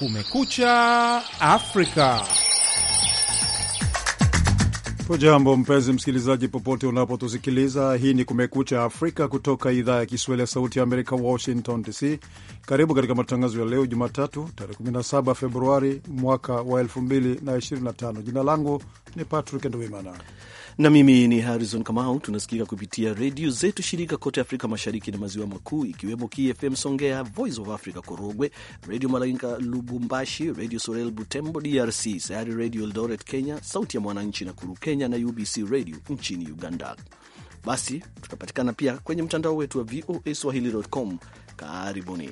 Kumekucha Afrika. Hujambo mpenzi msikilizaji, popote unapotusikiliza. Hii ni Kumekucha Afrika kutoka idhaa ya Kiswahili ya Sauti ya Amerika, Washington DC. Karibu katika matangazo ya leo Jumatatu, tarehe 17 Februari mwaka wa 2025. Jina langu ni Patrick Nduimana na mimi ni Harrison Kamau. Tunasikika kupitia redio zetu shirika kote Afrika Mashariki na Maziwa Makuu, ikiwemo KFM Songea, Voice of Africa Korogwe, Redio Malaika Lubumbashi, Redio Sorel Butembo DRC, Sayari Redio Eldoret Kenya, Sauti ya Mwananchi Nakuru Kenya na UBC Radio nchini Uganda. Basi tunapatikana pia kwenye mtandao wetu wa VOA swahili.com. Karibuni.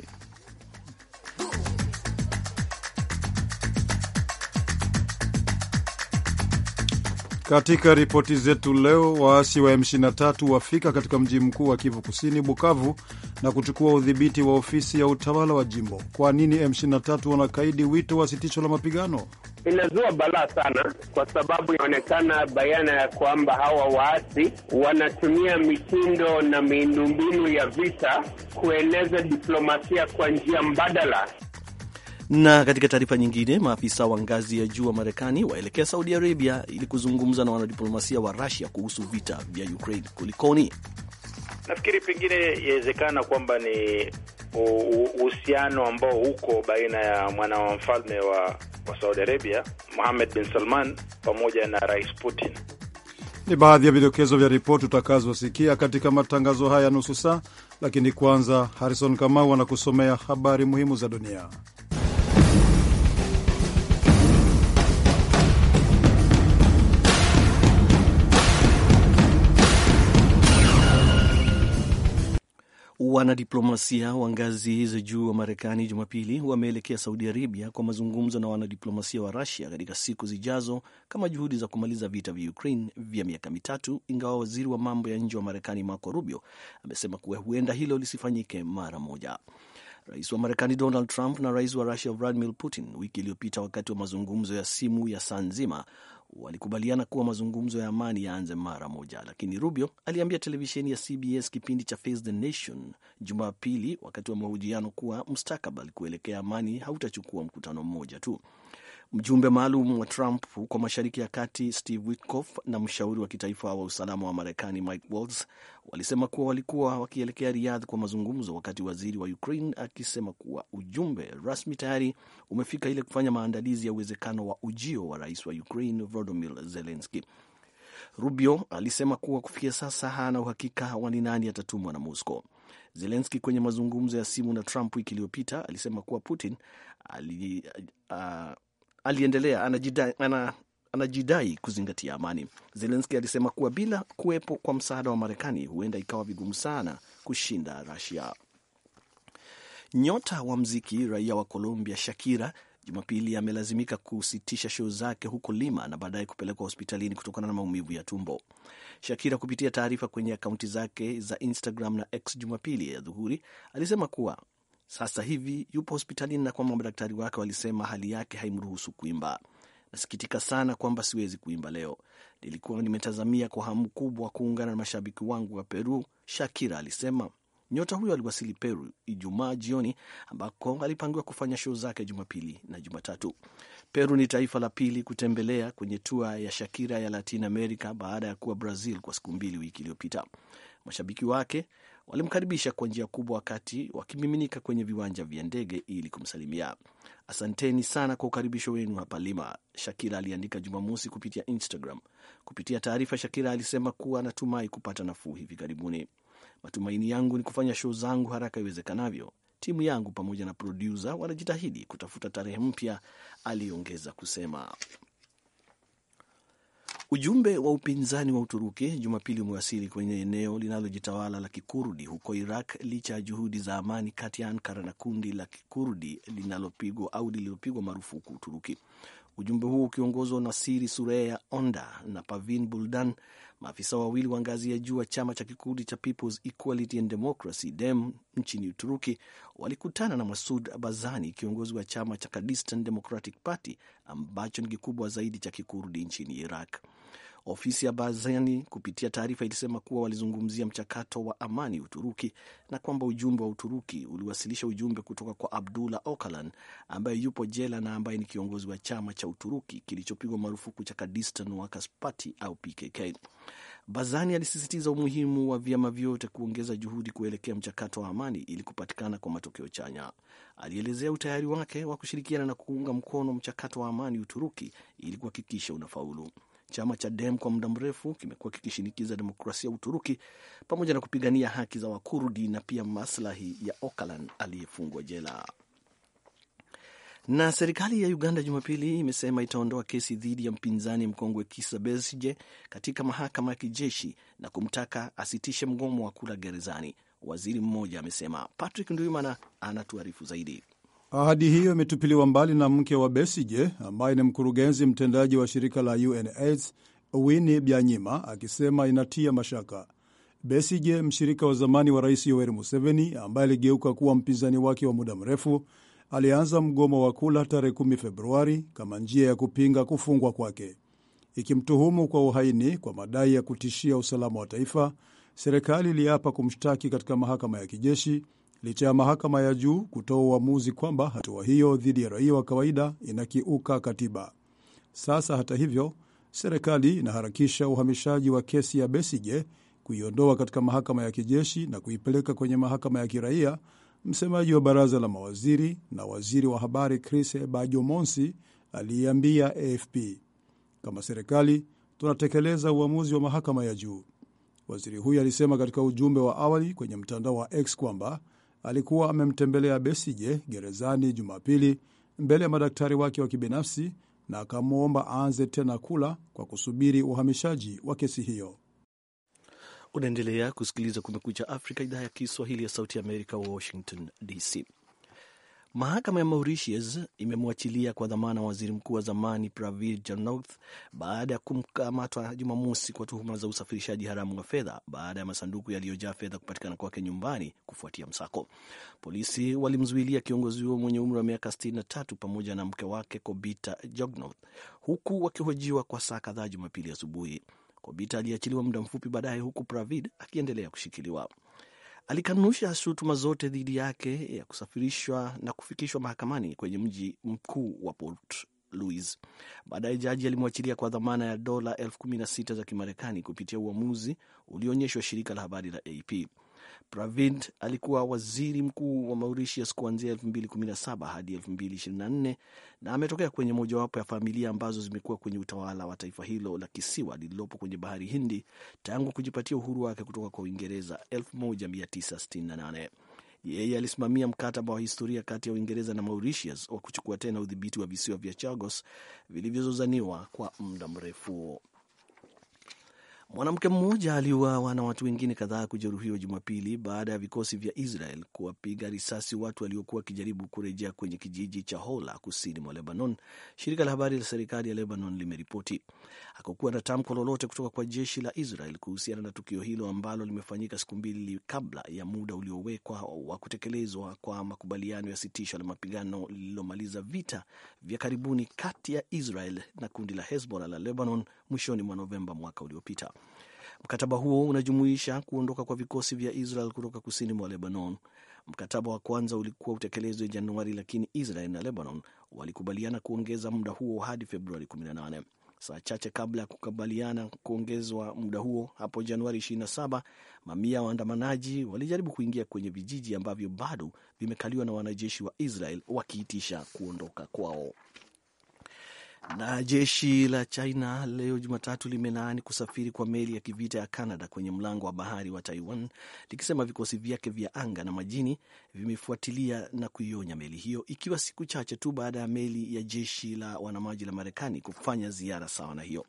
Katika ripoti zetu leo, waasi wa M23 wafika katika mji mkuu wa Kivu Kusini, Bukavu, na kuchukua udhibiti wa ofisi ya utawala wa jimbo. Kwa nini M23 wanakaidi wito wa sitisho la mapigano? Inazua balaa sana, kwa sababu inaonekana bayana ya kwamba hawa waasi wanatumia mitindo na miundombinu ya vita kueneza diplomasia kwa njia mbadala. Na katika taarifa nyingine, maafisa wa ngazi ya juu wa Marekani waelekea Saudi Arabia ili kuzungumza na wanadiplomasia wa Rusia kuhusu vita vya Ukraine. Kulikoni? Nafikiri pengine yawezekana kwamba ni uhusiano ambao huko baina ya mwana wa mfalme wa, wa Saudi Arabia Mohammed bin Salman pamoja na Rais Putin. Ni baadhi ya vidokezo vya ripoti utakazosikia katika matangazo haya ya nusu saa, lakini kwanza Harrison Kamau anakusomea habari muhimu za dunia. Wanadiplomasia wa ngazi za juu wa Marekani Jumapili wameelekea Saudi Arabia kwa mazungumzo na wanadiplomasia wa Rusia katika siku zijazo kama juhudi za kumaliza vita vya Ukraine vya miaka mitatu, ingawa waziri wa mambo ya nje wa Marekani Marco Rubio amesema kuwa huenda hilo lisifanyike mara moja. Rais wa Marekani Donald Trump na rais wa Rusia Vladimir Putin wiki iliyopita, wakati wa mazungumzo ya simu ya saa nzima, walikubaliana kuwa mazungumzo ya amani yaanze mara moja, lakini Rubio aliambia televisheni ya CBS kipindi cha Face the Nation Jumapili wakati wa mahojiano kuwa mustakabali kuelekea amani hautachukua mkutano mmoja tu, Mjumbe maalum wa Trump huko Mashariki ya Kati Steve Witkoff na mshauri wa kitaifa wa usalama wa Marekani Mike Waltz walisema kuwa walikuwa wakielekea Riyadh kwa mazungumzo, wakati waziri wa Ukraine akisema kuwa ujumbe rasmi tayari umefika ili kufanya maandalizi ya uwezekano wa ujio wa rais wa Ukraine Volodymyr Zelensky. Rubio alisema kuwa kufikia sasa hana uhakika wa ni nani atatumwa na Moscow. Zelenski kwenye mazungumzo ya simu na Trump wiki iliyopita alisema kuwa Putin ali, uh, aliendelea anajidai, ana, anajidai kuzingatia amani. Zelenski alisema kuwa bila kuwepo kwa msaada wa Marekani huenda ikawa vigumu sana kushinda Rusia. Nyota wa mziki raia wa Colombia Shakira Jumapili amelazimika kusitisha show zake huko Lima na baadaye kupelekwa hospitalini kutokana na maumivu ya tumbo. Shakira kupitia taarifa kwenye akaunti zake za Instagram na X Jumapili ya dhuhuri alisema kuwa sasa hivi yupo hospitalini na kwamba madaktari wake walisema hali yake haimruhusu kuimba. Nasikitika sana kwamba siwezi kuimba leo. Nilikuwa nimetazamia kwa hamu kubwa kuungana na mashabiki wangu wa Peru, Shakira alisema. Nyota huyo aliwasili Peru Ijumaa jioni ambako alipangiwa kufanya show zake Jumapili na Jumatatu. Peru ni taifa la pili kutembelea kwenye tua ya Shakira ya Latin America baada ya kuwa Brazil kwa siku mbili wiki iliyopita. Mashabiki wake walimkaribisha kwa njia kubwa wakati wakimiminika kwenye viwanja vya ndege ili kumsalimia. Asanteni sana kwa ukaribisho wenu hapa Lima, Shakira aliandika Jumamosi kupitia Instagram. Kupitia taarifa, Shakira alisema kuwa anatumai kupata nafuu hivi karibuni. Matumaini yangu ni kufanya show zangu haraka iwezekanavyo. Timu yangu pamoja na produsa wanajitahidi kutafuta tarehe mpya, aliongeza kusema. Ujumbe wa upinzani wa Uturuki Jumapili umewasili kwenye eneo linalojitawala la kikurdi huko Iraq licha ya juhudi za amani kati ya Ankara na kundi la kikurdi linalopigwa au lililopigwa marufuku Uturuki. Ujumbe huo ukiongozwa na Siri Sureya Onda na Pavin Buldan, maafisa wawili wa ngazi ya juu wa chama cha kikurdi cha Peoples Equality and Democracy DEM nchini Uturuki, walikutana na Masud Bazani, kiongozi wa chama cha Kurdistan Democratic Party ambacho ni kikubwa zaidi cha kikurdi nchini Iraq. Ofisi ya Barzani kupitia taarifa ilisema kuwa walizungumzia mchakato wa amani Uturuki na kwamba ujumbe wa Uturuki uliwasilisha ujumbe kutoka kwa Abdullah Ocalan ambaye yupo jela na ambaye ni kiongozi wa chama cha Uturuki kilichopigwa marufuku cha Kurdistan Workers Party au PKK. Barzani alisisitiza umuhimu wa vyama vyote kuongeza juhudi kuelekea mchakato wa amani ili kupatikana kwa matokeo chanya. Alielezea utayari wake wa kushirikiana na kuunga mkono mchakato wa amani Uturuki ili kuhakikisha unafaulu. Chama cha Dem kwa muda mrefu kimekuwa kikishinikiza demokrasia Uturuki pamoja na kupigania haki za Wakurdi na pia maslahi ya Ocalan aliyefungwa jela. Na serikali ya Uganda Jumapili imesema itaondoa kesi dhidi ya mpinzani mkongwe Kizza Besigye katika mahakama ya kijeshi na kumtaka asitishe mgomo wa kula gerezani. Waziri mmoja amesema. Patrick nduimana anatuarifu zaidi. Ahadi hiyo imetupiliwa mbali na mke wa Besije ambaye ni mkurugenzi mtendaji wa shirika la UNAIDS wini Byanyima akisema inatia mashaka. Besije, mshirika wa zamani wa Rais Yoweri Museveni ambaye aligeuka kuwa mpinzani wake wa muda mrefu, alianza mgomo wa kula tarehe 10 Februari kama njia ya kupinga kufungwa kwake, ikimtuhumu kwa uhaini kwa madai ya kutishia usalama wa taifa. Serikali iliapa kumshtaki katika mahakama ya kijeshi licha ya mahakama ya juu kutoa uamuzi kwamba hatua hiyo dhidi ya raia wa kawaida inakiuka katiba. Sasa hata hivyo, serikali inaharakisha uhamishaji wa kesi ya Besije kuiondoa katika mahakama ya kijeshi na kuipeleka kwenye mahakama ya kiraia. Msemaji wa baraza la mawaziri na waziri wa habari Chris Bajomonsi aliiambia AFP, kama serikali tunatekeleza uamuzi wa mahakama ya juu. Waziri huyo alisema katika ujumbe wa awali kwenye mtandao wa X kwamba alikuwa amemtembelea Besije gerezani Jumapili mbele ya madaktari wake wa kibinafsi na akamwomba aanze tena kula kwa kusubiri uhamishaji wa kesi hiyo. Unaendelea kusikiliza Kumekucha Afrika, idhaa ya Kiswahili ya Sauti ya Amerika, Washington DC. Mahakama ya Mauritius imemwachilia kwa dhamana waziri mkuu wa zamani Pravind Jugnauth baada ya kumkamatwa Jumamosi kwa tuhuma za usafirishaji haramu wa fedha baada ya masanduku yaliyojaa fedha kupatikana kwake nyumbani kufuatia msako. Polisi walimzuilia kiongozi huo mwenye umri wa miaka 63 pamoja na mke wake Kobita Jugnauth huku wakihojiwa kwa saa kadhaa Jumapili asubuhi. Kobita aliachiliwa muda mfupi baadaye, huku Pravid akiendelea kushikiliwa alikanusha shutuma zote dhidi yake ya kusafirishwa na kufikishwa mahakamani kwenye mji mkuu wa Port Louis. Baadaye jaji alimwachilia kwa dhamana ya dola elfu kumi na sita za Kimarekani kupitia uamuzi ulioonyeshwa shirika la habari la AP. Pravind alikuwa waziri mkuu wa Mauritius kuanzia 2017 hadi 2024 na ametokea kwenye mojawapo ya familia ambazo zimekuwa kwenye utawala wa taifa hilo la kisiwa lililopo kwenye bahari Hindi tangu kujipatia uhuru wake kutoka kwa Uingereza 1968. Yeye alisimamia mkataba wa historia kati ya Uingereza na Mauritius wa kuchukua tena udhibiti wa visiwa vya Chagos vilivyozozaniwa kwa muda mrefu. Mwanamke mmoja aliuawa na watu wengine kadhaa kujeruhiwa Jumapili baada ya vikosi vya Israel kuwapiga risasi watu waliokuwa wakijaribu kurejea kwenye kijiji cha Hola kusini mwa Lebanon, shirika la habari la serikali ya Lebanon limeripoti. Hakukuwa na tamko lolote kutoka kwa jeshi la Israel kuhusiana na tukio hilo ambalo limefanyika siku mbili kabla ya muda uliowekwa wa kutekelezwa kwa makubaliano ya sitisho la mapigano lililomaliza vita vya karibuni kati ya Israel na kundi la Hezbollah la Lebanon mwishoni mwa Novemba mwaka uliopita. Mkataba huo unajumuisha kuondoka kwa vikosi vya Israel kutoka kusini mwa Lebanon. Mkataba wa kwanza ulikuwa utekelezwe Januari, lakini Israel na Lebanon walikubaliana kuongeza muda huo hadi Februari 18 saa chache kabla ya kukubaliana kuongezwa muda huo hapo Januari 27, mamia waandamanaji walijaribu kuingia kwenye vijiji ambavyo bado vimekaliwa na wanajeshi wa Israel wakiitisha kuondoka kwao. Na jeshi la China leo Jumatatu limelaani kusafiri kwa meli ya kivita ya Canada kwenye mlango wa bahari wa Taiwan, likisema vikosi vyake vya anga na majini vimefuatilia na kuionya meli hiyo, ikiwa siku chache tu baada ya meli ya jeshi la wanamaji la Marekani kufanya ziara sawa na hiyo.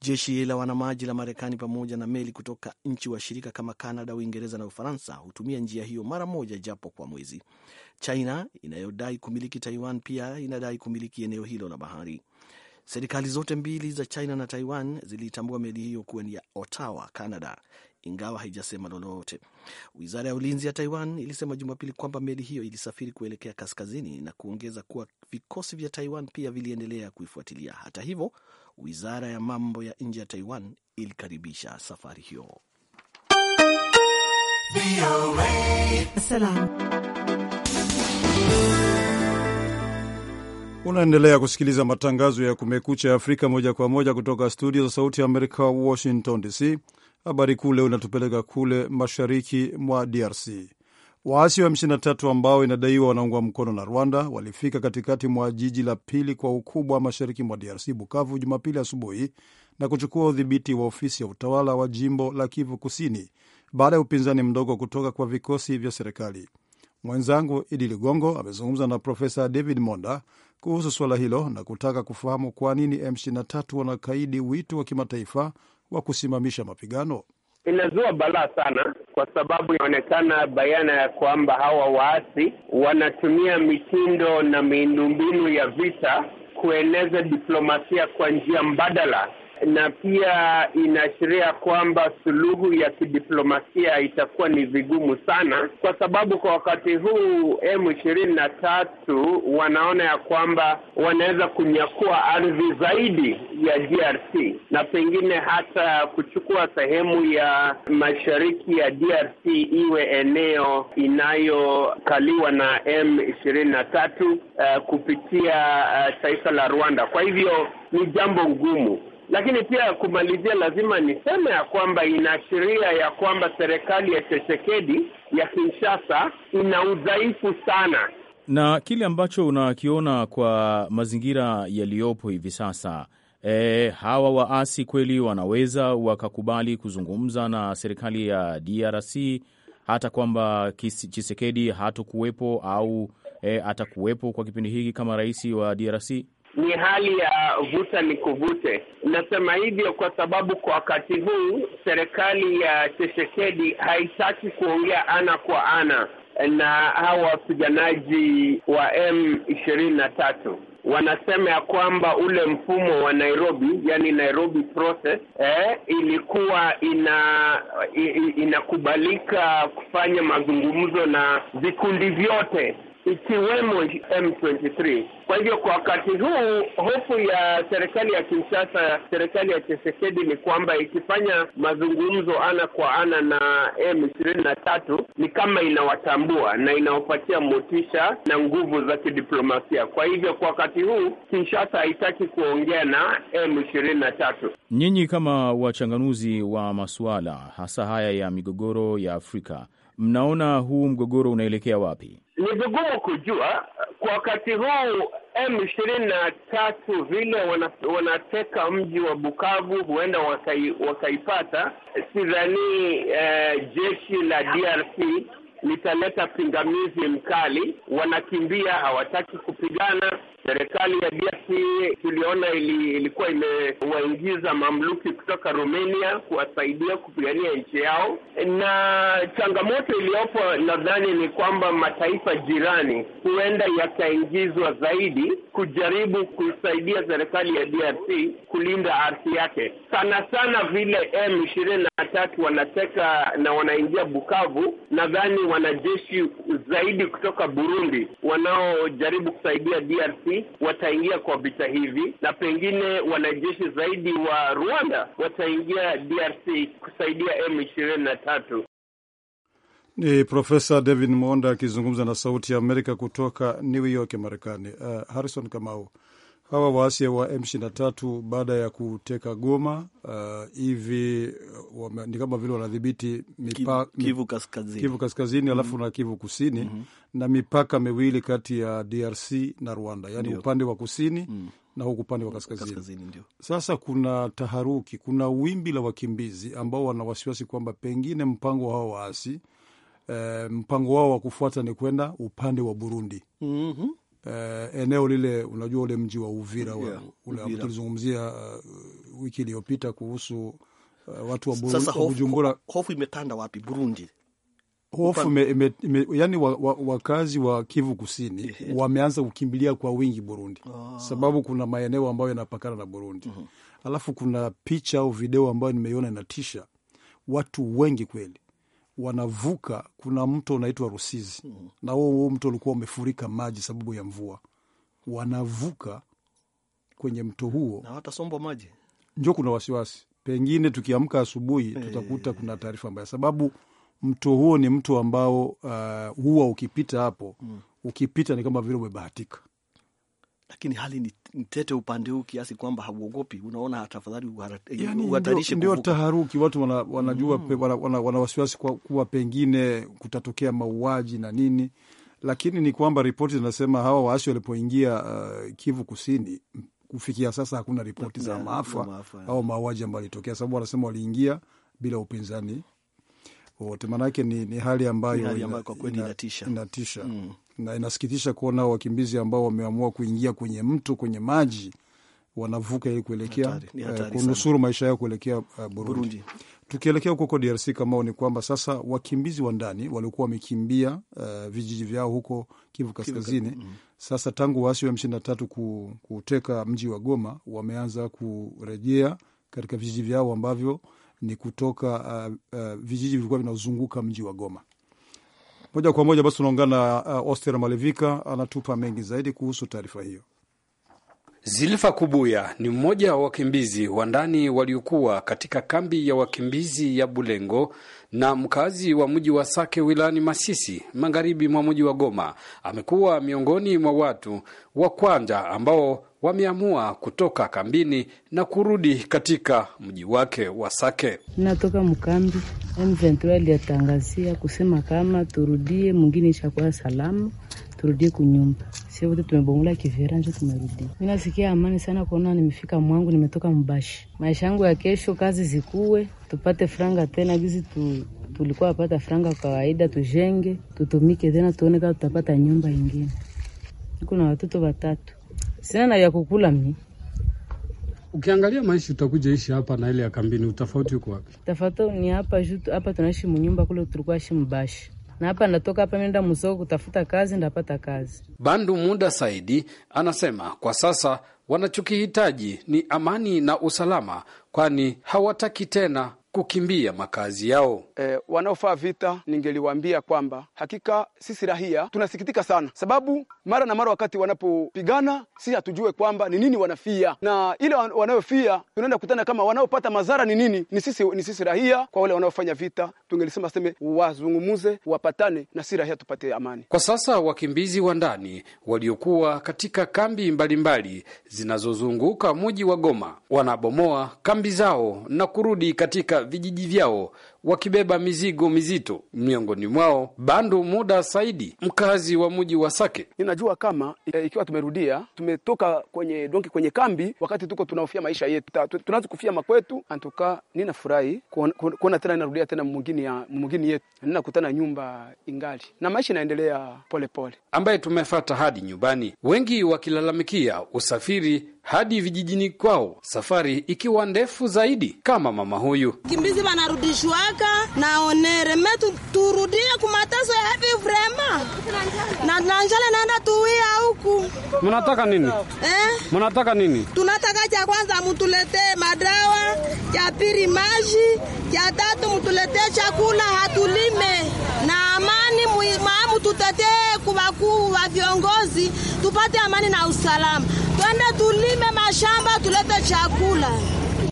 Jeshi la wanamaji la Marekani pamoja na meli kutoka nchi washirika kama Canada, Uingereza na Ufaransa hutumia njia hiyo mara moja japo kwa mwezi. China inayodai kumiliki Taiwan pia inadai kumiliki eneo hilo la bahari. Serikali zote mbili za China na Taiwan zilitambua meli hiyo kuwa ni ya Ottawa, Canada, ingawa haijasema lolote. Wizara ya ulinzi ya Taiwan ilisema Jumapili kwamba meli hiyo ilisafiri kuelekea kaskazini na kuongeza kuwa vikosi vya Taiwan pia viliendelea kuifuatilia. Hata hivyo, wizara ya mambo ya nje ya Taiwan ilikaribisha safari hiyo. Unaendelea kusikiliza matangazo ya Kumekucha Afrika moja kwa moja kutoka studio za Sauti ya Amerika, Washington DC. Habari kuu leo inatupeleka kule mashariki mwa DRC. Waasi wa M23 ambao inadaiwa wanaungwa mkono na Rwanda walifika katikati mwa jiji la pili kwa ukubwa mashariki mwa DRC, Bukavu, Jumapili asubuhi na kuchukua udhibiti wa ofisi ya utawala wa jimbo la Kivu Kusini baada ya upinzani mdogo kutoka kwa vikosi vya serikali. Mwenzangu Idi Ligongo amezungumza na Profesa David Monda kuhusu suala hilo na kutaka kufahamu kwa nini M23 wanakaidi wito wa kimataifa wa kusimamisha mapigano. Inazua balaa sana kwa sababu inaonekana bayana ya kwamba hawa waasi wanatumia mitindo na miundombinu ya vita kueneza diplomasia kwa njia mbadala na pia inaashiria kwamba suluhu ya kidiplomasia itakuwa ni vigumu sana, kwa sababu kwa wakati huu M ishirini na tatu wanaona ya kwamba wanaweza kunyakua ardhi zaidi ya DRC na pengine hata kuchukua sehemu ya mashariki ya DRC iwe eneo inayokaliwa na M ishirini na tatu eh, kupitia uh, taifa la Rwanda. Kwa hivyo ni jambo ngumu. Lakini pia kumalizia, lazima niseme ya kwamba inaashiria ya kwamba serikali ya Tshisekedi ya Kinshasa ina udhaifu sana, na kile ambacho unakiona kwa mazingira yaliyopo hivi sasa E, hawa waasi kweli wanaweza wakakubali kuzungumza na serikali ya DRC hata kwamba Chisekedi hatokuwepo au e, atakuwepo kwa kipindi hiki kama rais wa DRC? ni hali ya vuta ni kuvute. Nasema hivyo kwa sababu kwa wakati huu serikali ya Tshisekedi haitaki kuongea ana kwa ana na hawa wapiganaji wa m ishirini na tatu wanasema ya kwamba ule mfumo wa Nairobi, yani Nairobi process eh, ilikuwa ina inakubalika kufanya mazungumzo na vikundi vyote ikiwemo M23. Kwa hivyo kwa wakati huu hofu ya serikali ya Kinshasa, serikali ya Tshisekedi ni kwamba ikifanya mazungumzo ana kwa ana na M23 ni kama inawatambua na inawapatia motisha na nguvu za kidiplomasia. Kwa hivyo kwa wakati huu Kinshasa haitaki kuongea na M23. Nyinyi kama wachanganuzi wa masuala hasa haya ya migogoro ya Afrika mnaona huu mgogoro unaelekea wapi? Ni vigumu kujua kwa wakati huu. M ishirini na tatu vile wanateka mji wa Bukavu, huenda wakai, wakaipata. Sidhani eh, jeshi la DRC litaleta pingamizi mkali. Wanakimbia, hawataki kupigana. Serikali ya DRC tuliona ili, ilikuwa imewaingiza mamluki kutoka Romania kuwasaidia kupigania nchi yao, na changamoto iliyopo nadhani ni kwamba mataifa jirani huenda yakaingizwa zaidi kujaribu kusaidia serikali ya DRC kulinda ardhi yake, sana sana vile M23 wanateka na wanaingia Bukavu. Nadhani wanajeshi zaidi kutoka Burundi wanaojaribu kusaidia DRC Marekani wataingia kwa vita hivi, na pengine wanajeshi zaidi wa Rwanda wataingia DRC kusaidia m tatu Ni Profesa David Monda akizungumza na Sauti ya Amerika kutoka New York, Marekani. Uh, Harrison Kamau, hawa waasi wa M23 baada ya kuteka Goma uh, hivi uh, ni kama vile wanadhibiti Kivu Kaskazini, Kivu Kaskazini alafu mm -hmm. na Kivu Kusini mm -hmm. na mipaka miwili kati ya DRC na Rwanda, yaani upande wa kusini mm -hmm. na huku upande wa kaskazini, kaskazini sasa kuna taharuki, kuna wimbi la wakimbizi ambao wana wasiwasi kwamba pengine mpango wa hawa waasi eh, mpango wao wa kufuata ni kwenda upande wa Burundi mm -hmm uh, eneo lile, unajua ule mji wa Uvira yeah, ule tulizungumzia uh, wiki iliyopita kuhusu uh, watu wa Bujumbura. Hofu, imetanda wapi Burundi? Hofu me, me, me, yani wakazi wa, wa Kivu Kusini wameanza kukimbilia kwa wingi Burundi ah, sababu kuna maeneo ambayo yanapakana na Burundi mm -hmm. Alafu kuna picha au video ambayo nimeiona inatisha watu wengi kweli wanavuka, kuna mto unaitwa Rusizi mm. na huo mto ulikuwa umefurika maji sababu ya mvua. Wanavuka kwenye mto huo na watasombwa maji, njo kuna wasiwasi, pengine tukiamka asubuhi hey, tutakuta kuna taarifa mbaya, sababu mto huo ni mto ambao uh, huwa ukipita hapo mm. ukipita ni kama vile umebahatika lakini hali ni tete upande huu kiasi kwamba hauogopi, unaona tafadhali uhatarishe. Ndio taharuki, watu wana, wanajua mm. wana, wana, wana wasiwasi kuwa pengine kutatokea mauaji na nini, lakini ni kwamba ripoti zinasema hawa waasi walipoingia uh, Kivu Kusini kufikia sasa hakuna ripoti za maafa, au mauaji ambayo alitokea, sababu wanasema waliingia bila upinzani wote. Maanake ni, ni hali ambayo inatisha, Mm na inasikitisha kuona wakimbizi ambao wameamua kuingia kwenye mto, kwenye maji wanavuka ili kuelekea uh, kunusuru maisha yao kuelekea uh, Burundi, Burundi. Tukielekea huko DRC kamao, ni kwamba sasa wakimbizi wa ndani walikuwa wamekimbia uh, vijiji vyao huko Kivu Kaskazini Kivu. Mm. Sasa tangu waasi wa M23 kuteka mji wa Goma wameanza kurejea katika vijiji vyao ambavyo ni kutoka uh, uh, vijiji vilikuwa vinazunguka mji wa Goma. Moja kwa moja basi unaungana na uh, Oster Malevika anatupa mengi zaidi kuhusu taarifa hiyo. Zilfa Kubuya ni mmoja wa wakimbizi wa ndani waliokuwa katika kambi ya wakimbizi ya Bulengo na mkazi wa mji wa Sake wilayani Masisi, magharibi mwa mji wa Goma. Amekuwa miongoni mwa watu wa kwanza ambao wameamua kutoka kambini na kurudi katika mji wake wa Sake. Natoka mkambi M23 aliyatangazia kusema kama turudie mwingine ishakuwa salama, turudie kunyumba sisi wote kivera njo tumerudi. Mimi nasikia amani sana kuona nimefika mwangu, nimetoka Mbashi. Maisha yangu ya kesho, kazi zikuwe, tupate franga tena gizi tu tulikuwa apata franga kawaida, tujenge tutumike tena, tuone kama tutapata nyumba ingine. Niko na watoto watatu sina na ya kukula mi Ukiangalia maisha utakuja ishi hapa na ile ya kambini, utafauti uko wapi? Tofauti ni hapa juu, hapa tunaishi mnyumba kule tulikuwa shi mbashi na hapa natoka hapa nenda msoko kutafuta kazi, ndapata kazi. Bandu Muda Saidi anasema kwa sasa wanachokihitaji ni amani na usalama, kwani hawataki tena kukimbia makazi yao. E, wanaofaa vita, ningeliwaambia kwamba hakika sisi rahia tunasikitika sana, sababu mara na mara wakati wanapopigana si hatujue kwamba ni nini wanafia, na ile wanayofia tunaenda kutana kama wanaopata madhara ni nini. Ni sisi, ni sisi rahia. Kwa wale wanaofanya vita, tungelisema seme wazungumuze, wapatane, na si rahia tupate amani. Kwa sasa wakimbizi wa ndani waliokuwa katika kambi mbalimbali zinazozunguka mji wa Goma wanabomoa kambi zao na kurudi katika vijiji vyao wakibeba mizigo mizito, miongoni mwao Bandu Muda Saidi, mkazi wa mji wa Sake. Ninajua kama e, ikiwa tumerudia tumetoka kwenye donki kwenye kambi, wakati tuko tunahofia maisha yetu, tunaanza kufia makwetu. Antuka ninafurahi kuona tena ninarudia tena mwingine yetu, ninakutana nyumba ingali na maisha inaendelea polepole, ambaye tumefata hadi nyumbani, wengi wakilalamikia usafiri hadi vijijini kwao, safari ikiwa ndefu zaidi, kama mama huyu kimbizi wanarudishwa na onere metu turudie kumateso ya hivi vrema na nanjale naenda tuwia huku. Mnataka nini eh? Mnataka nini? Tunataka cha kwanza mtuletee madawa, cha pili maji, cha tatu mtuletee chakula hatulime na amani maamu, tutetee kubakuu wa viongozi tupate amani na usalama, twende tulime mashamba tulete chakula.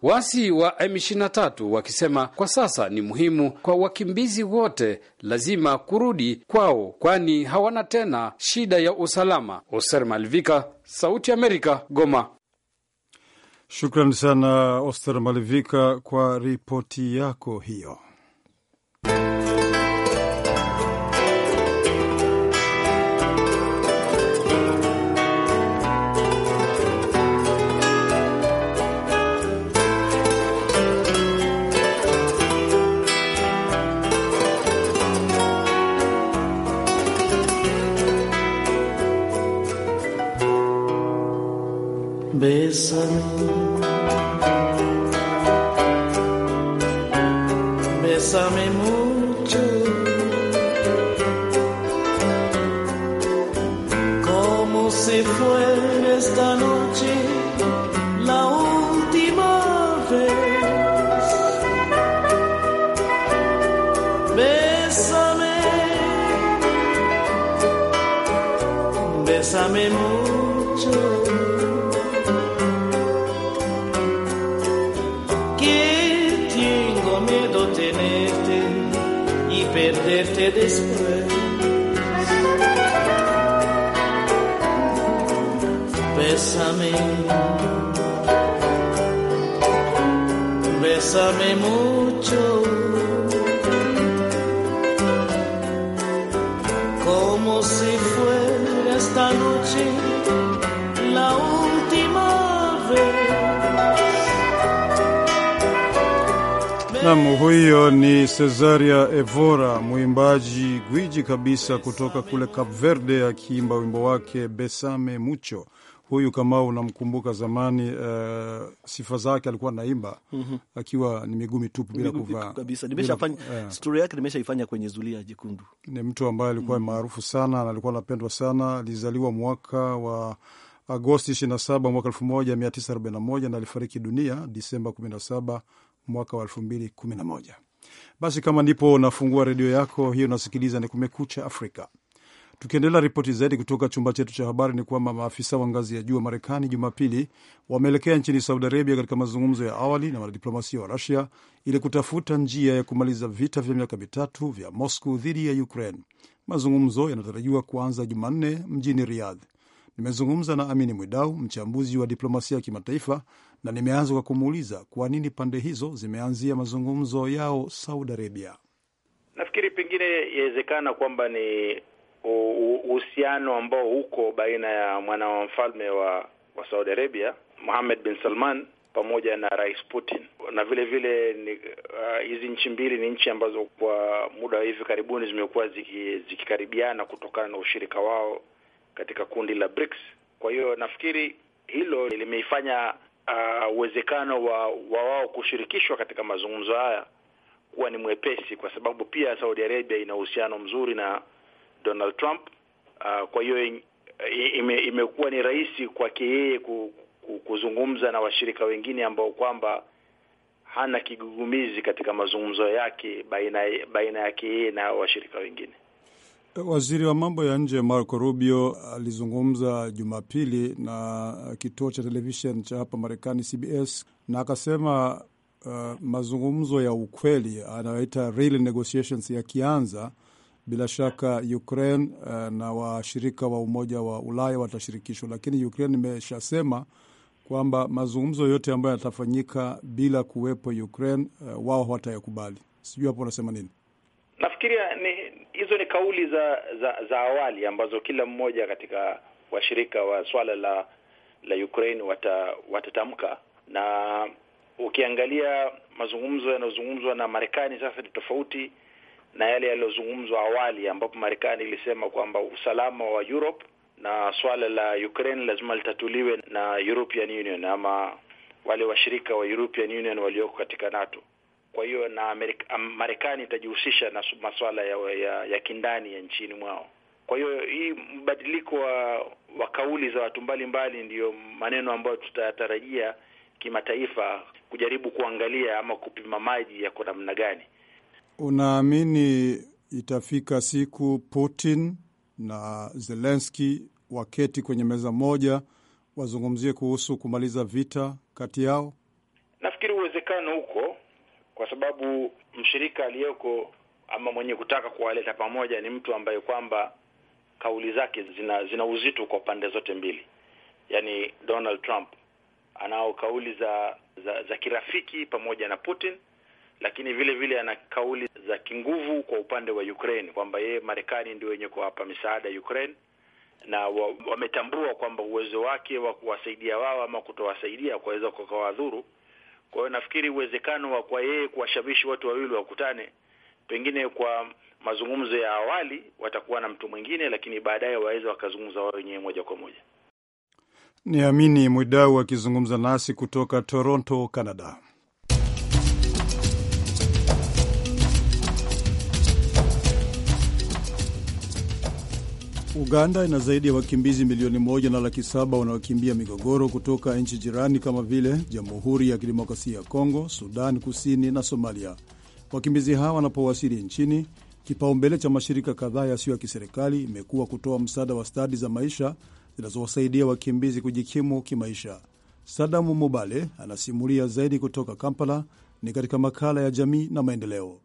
Wasi wa M23 wakisema kwa sasa ni muhimu kwa wakimbizi wote lazima kurudi kwao, kwani hawana tena shida ya usalama. Oser Malvika, Sauti Amerika, Goma. Shukrani sana Oster Malivika kwa ripoti yako hiyo. Bésame, bésame mucho, como si fue esta noche la última vez. Bésame, bésame mucho. después. Bésame, bésame mucho. Nam, huyo ni Cesaria Evora, mwimbaji gwiji kabisa kutoka kule Cape Verde, akiimba wimbo wake Besame Mucho. Huyu kama unamkumbuka zamani, uh, sifa zake alikuwa naimba mm -hmm. akiwa ni miguu mitupu bila kuvaa kabisa. Nimeshafanya eh. yake, nimeshaifanya kwenye Zulia Jekundu. Ni mtu ambaye alikuwa mm -hmm. maarufu sana na alikuwa anapendwa sana. Alizaliwa mwaka wa Agosti 27 mwaka 1941 na alifariki dunia Disemba 17 mwaka wa 2011. Basi kama ndipo unafungua redio yako hiyo, unasikiliza ni Kumekucha Afrika. Tukiendelea ripoti zaidi kutoka chumba chetu cha habari ni kwamba maafisa wa ngazi ya juu wa Marekani Jumapili wameelekea nchini Saudi Arabia katika mazungumzo ya awali na wanadiplomasia wa Rusia ili kutafuta njia ya kumaliza vita vya miaka mitatu vya Moscow dhidi ya Ukraine. Mazungumzo yanatarajiwa kuanza Jumanne mjini Riyadh. Nimezungumza na Amini Mwidau, mchambuzi wa diplomasia ya kimataifa, na nimeanza kwa kumuuliza kwa nini pande hizo zimeanzia mazungumzo yao Saudi Arabia. Nafikiri pengine yawezekana kwamba ni uhusiano ambao uko baina ya mwana wa mfalme wa wa Saudi Arabia Mohammed bin Salman pamoja na Rais Putin na vile vile uh, hizi uh, nchi mbili ni nchi ambazo kwa muda wa hivi karibuni zimekuwa zikikaribiana ziki kutokana na ushirika wao katika kundi la BRICS. Kwa hiyo nafikiri hilo limeifanya Uh, uwezekano uh, wa, wa wao kushirikishwa katika mazungumzo haya kuwa ni mwepesi, kwa sababu pia Saudi Arabia ina uhusiano mzuri na Donald Trump. Uh, kwa hiyo ime, imekuwa ni rahisi kwake yeye kuzungumza na washirika wengine ambao kwamba hana kigugumizi katika mazungumzo yake baina baina yake yeye na washirika wengine. Waziri wa mambo ya nje Marco Rubio alizungumza Jumapili na kituo cha televishen cha hapa Marekani, CBS, na akasema uh, mazungumzo ya ukweli anayoita real negotiations yakianza, bila shaka Ukraine uh, na washirika wa Umoja wa Ulaya watashirikishwa, lakini Ukraine imeshasema kwamba mazungumzo yote ambayo yatafanyika bila kuwepo Ukraine uh, wao hawatayakubali. Sijui hapo unasema nini? Nafikiria ni, hizo ni kauli za, za za awali ambazo kila mmoja katika washirika wa swala la la Ukraine wata, watatamka na ukiangalia mazungumzo yanayozungumzwa na Marekani sasa ni tofauti na yale yaliyozungumzwa awali, ambapo Marekani ilisema kwamba usalama wa Europe na swala la Ukraine lazima litatuliwe na European Union ama wale washirika wa European Union walioko katika NATO. Kwa hiyo na Marekani itajihusisha na masuala ya, ya, ya kindani ya nchini mwao. Kwa hiyo hii mbadiliko wa, wa kauli za watu mbalimbali ndiyo maneno ambayo tutayatarajia kimataifa kujaribu kuangalia ama kupima maji yako namna gani. Unaamini itafika siku Putin na zelenski waketi kwenye meza moja wazungumzie kuhusu kumaliza vita kati yao? Nafikiri uwezekano huko kwa sababu mshirika aliyeko ama mwenye kutaka kuwaleta pamoja ni mtu ambaye kwamba kauli zake zina zina uzito kwa pande zote mbili. Yaani, Donald Trump anao kauli za za, za kirafiki pamoja na Putin, lakini vile vile ana kauli za kinguvu kwa upande wa Ukraine kwamba yeye Marekani ndio wenye kuwapa misaada Ukraine na wametambua wa kwamba uwezo wake wa kuwasaidia wao ama kutowasaidia kwaweza kukawadhuru kwa hiyo nafikiri uwezekano wa kwa yeye kuwashawishi watu wawili wakutane, pengine kwa mazungumzo ya awali watakuwa na mtu mwingine, lakini baadaye waweza wakazungumza wao wenyewe moja kwa moja. Ni Amini Mwidau akizungumza nasi kutoka Toronto, Canada. Uganda ina zaidi ya wakimbizi milioni moja na laki saba wanaokimbia migogoro kutoka nchi jirani kama vile Jamhuri ya Kidemokrasia ya Kongo, Sudan Kusini na Somalia. Wakimbizi hawa wanapowasili nchini, kipaumbele cha mashirika kadhaa yasiyo ya kiserikali imekuwa kutoa msaada wa stadi za maisha zinazowasaidia wakimbizi kujikimu kimaisha. Sadamu Mubale anasimulia zaidi kutoka Kampala, ni katika makala ya jamii na maendeleo.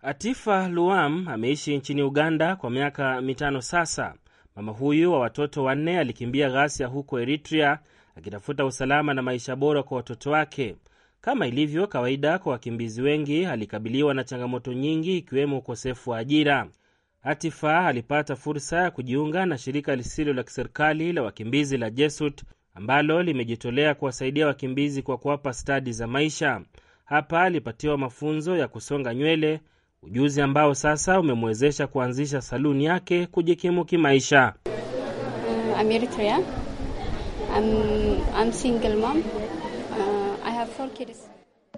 Atifa Luam ameishi nchini Uganda kwa miaka mitano sasa. Mama huyu wa watoto wanne alikimbia ghasia huko Eritrea akitafuta usalama na maisha bora kwa watoto wake. Kama ilivyo kawaida kwa wakimbizi wengi, alikabiliwa na changamoto nyingi, ikiwemo ukosefu wa ajira. atifa alipata fursa ya kujiunga na shirika lisilo la kiserikali la wakimbizi la Jesut ambalo limejitolea kuwasaidia wakimbizi kwa kuwapa stadi za maisha. Hapa alipatiwa mafunzo ya kusonga nywele ujuzi ambao sasa umemwezesha kuanzisha saluni yake kujikimu kimaisha. Uh, uh,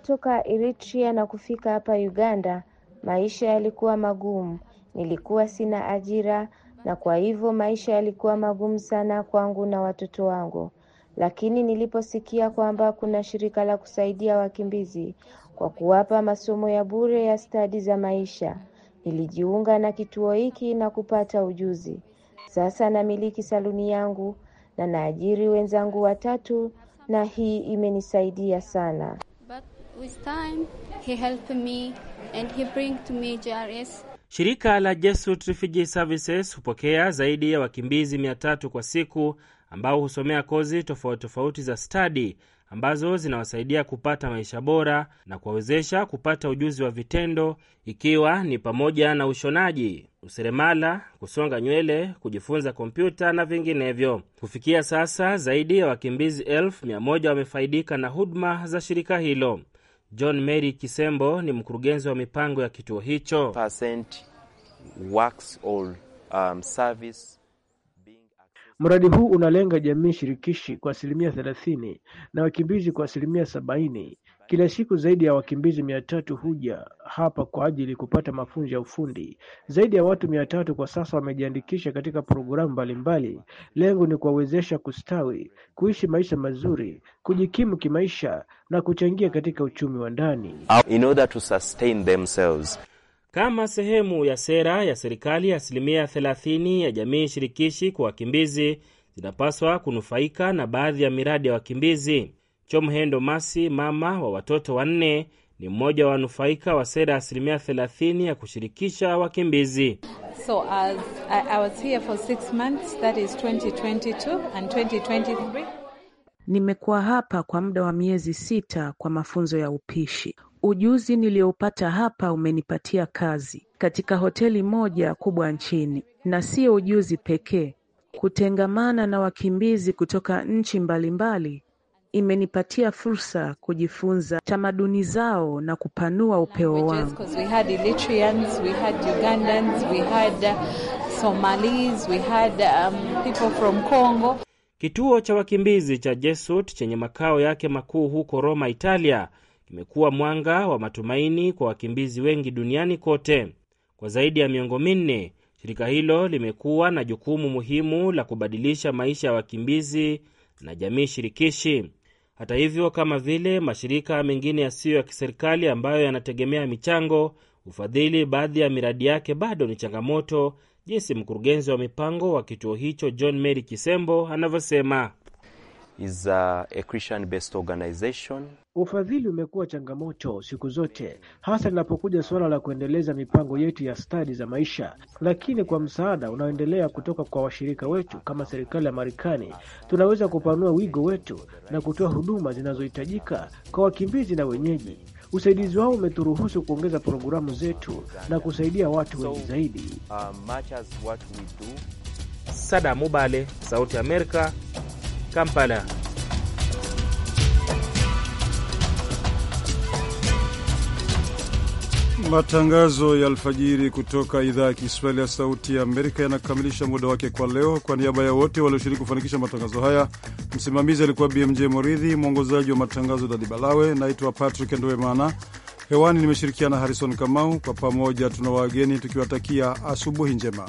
Toka Eritrea na kufika hapa Uganda, maisha yalikuwa magumu. Nilikuwa sina ajira, na kwa hivyo maisha yalikuwa magumu sana kwangu na watoto wangu. Lakini niliposikia kwamba kuna shirika la kusaidia wakimbizi, kwa kuwapa masomo ya bure ya stadi za maisha. Nilijiunga na kituo hiki na kupata ujuzi. Sasa namiliki saluni yangu na naajiri wenzangu watatu, na hii imenisaidia sana. Shirika la Jesuit Refugee Services hupokea zaidi ya wakimbizi mia tatu kwa siku ambao husomea kozi tofauti tofauti za stadi ambazo zinawasaidia kupata maisha bora na kuwawezesha kupata ujuzi wa vitendo, ikiwa ni pamoja na ushonaji, useremala, kusonga nywele, kujifunza kompyuta na vinginevyo. Kufikia sasa zaidi ya wakimbizi elfu mia moja wamefaidika na huduma za shirika hilo. John Mary Kisembo ni mkurugenzi wa mipango ya kituo hicho. Works all, um, service Mradi huu unalenga jamii shirikishi kwa asilimia thelathini na wakimbizi kwa asilimia sabaini Kila siku zaidi ya wakimbizi mia tatu huja hapa kwa ajili kupata mafunzo ya ufundi. Zaidi ya watu mia tatu kwa sasa wamejiandikisha katika programu mbalimbali. Lengo ni kuwawezesha kustawi, kuishi maisha mazuri, kujikimu kimaisha na kuchangia katika uchumi wa ndani. In order to sustain themselves kama sehemu ya sera ya serikali, asilimia 30 ya jamii shirikishi kwa wakimbizi zinapaswa kunufaika na baadhi ya miradi ya wakimbizi. Chomhendo Masi, mama wa watoto wanne, ni mmoja wa wanufaika wa sera ya asilimia 30 ya kushirikisha wakimbizi. So as I was here for six months, that is 2022 and 2023. Nimekuwa hapa kwa muda wa miezi sita kwa mafunzo ya upishi. Ujuzi niliyoupata hapa umenipatia kazi katika hoteli moja kubwa nchini, na sio ujuzi pekee, kutengamana na wakimbizi kutoka nchi mbalimbali imenipatia fursa kujifunza tamaduni zao na kupanua upeo wangu. Uh, Somalis, we had um, people from Congo. Kituo cha wakimbizi cha Jesut chenye makao yake makuu huko Roma, Italia, kimekuwa mwanga wa matumaini kwa wakimbizi wengi duniani kote. Kwa zaidi ya miongo minne, shirika hilo limekuwa na jukumu muhimu la kubadilisha maisha ya wakimbizi na jamii shirikishi. Hata hivyo, kama vile mashirika mengine yasiyo ya kiserikali ambayo yanategemea michango, ufadhili baadhi ya miradi yake bado ni changamoto jinsi mkurugenzi wa mipango wa kituo hicho John Mary Kisembo anavyosema. Ufadhili umekuwa changamoto siku zote, hasa linapokuja suala la kuendeleza mipango yetu ya stadi za maisha, lakini kwa msaada unaoendelea kutoka kwa washirika wetu kama serikali ya Marekani, tunaweza kupanua wigo wetu na kutoa huduma zinazohitajika kwa wakimbizi na wenyeji. Usaidizi wao umeturuhusu kuongeza programu zetu na kusaidia watu wengi zaidi. Uh, Sada Mubale, Sauti ya Amerika, Kampala. Matangazo ya alfajiri kutoka idhaa ya Kiswahili ya Sauti ya Amerika yanakamilisha muda wake kwa leo. Kwa niaba ya wote walioshiriki kufanikisha matangazo haya, Msimamizi alikuwa BMJ Moridhi, mwongozaji wa matangazo Dadi Balawe. Naitwa Patrick Ndwemana, hewani nimeshirikiana Harrison Kamau. Kwa pamoja tuna wageni tukiwatakia asubuhi njema.